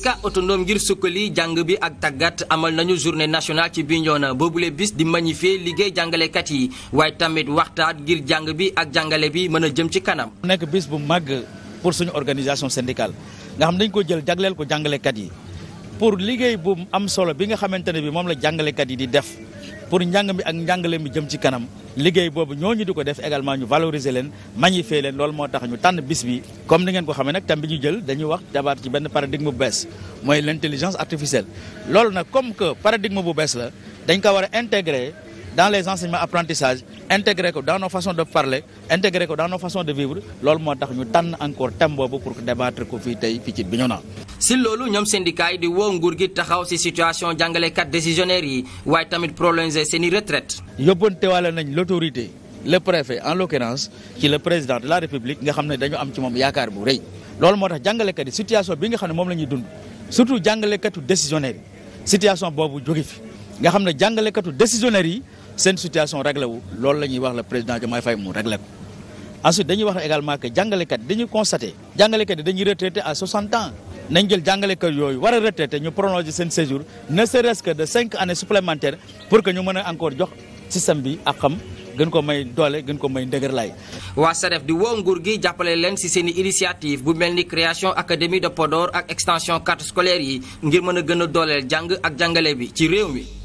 ka autonome ngir sukkali jàng bi ak tàggat amal nañu journée nationale ci Bignona boobule bis di magnifier liggéey jàngalekat yi waaye tamit waxtaan ngir jàng bi ak jàngale bi mën a jëm ci kanam. mu nekk bis bu màgg pour suñu organisation syndicale nga xam dañ ko jël jagleel ko jàngalekat yi pour liggéey bu am solo bi nga xamante ne bi moom la jàngalekat yi di def. pour njàng mi ak njàngale mi jëm ci kanam liggéey boobu ñu di ko def également ñu valoriser leen magnifier leen lool moo tax ñu tànn bis bi comme ni ngeen ko xamee nag tam bi ñu jël dañu wax dabaat ci benn paradigme bu bees mooy l'intelligence artificielle lool nag comme que paradigme bu bees la dañ ko war a intégrer dans les enseignements apprentissage intégrer ko dans nos façons de parler intégrer ko dans no façon de vivre loolu moo tax ñu tànn encore thème boobu pour ko fii tey fii ci Bignona si loolu ñoom syndicat yi di woo nguur gi taxaw si situation jàngalekat décisionnaire yi waaye tamit prolonger seen i retraite yóbbantewaale nañ l'autorité le préfet en l'occurrence ci le président de la république nga xam ne dañu am ci moom yaakaar bu rëy loolu moo tax jàngalekat yi situation bi nga xam ne moom la ñuy dund surtout jàngalekatu décisionnaire yi situation boobu jóge fi nga xam ne jàngalekatu décisionnaire yi seen situation réglé wu loolu la ñuy wax le président Diomaye Faye mu réglé ko ensuite wax également que jàngalekat dañuy constaté jàngalekat yi à 60 ans nañu jël jàngalekat yooyu war a retraité ñu prolonger seen séjour ne serait-ce de cinq années supplémentaires pour que ñu mën a encore jox sem bi ak xam gën ko may doole gën ko may ndëgër laay waa def di woo nguur gi jàppale leen ci seeni initiative bu mel ni création académie de Podor ak extension carte scolaire yi ngir mën a gën a dooleel jàng ak jàngale bi ci réew mi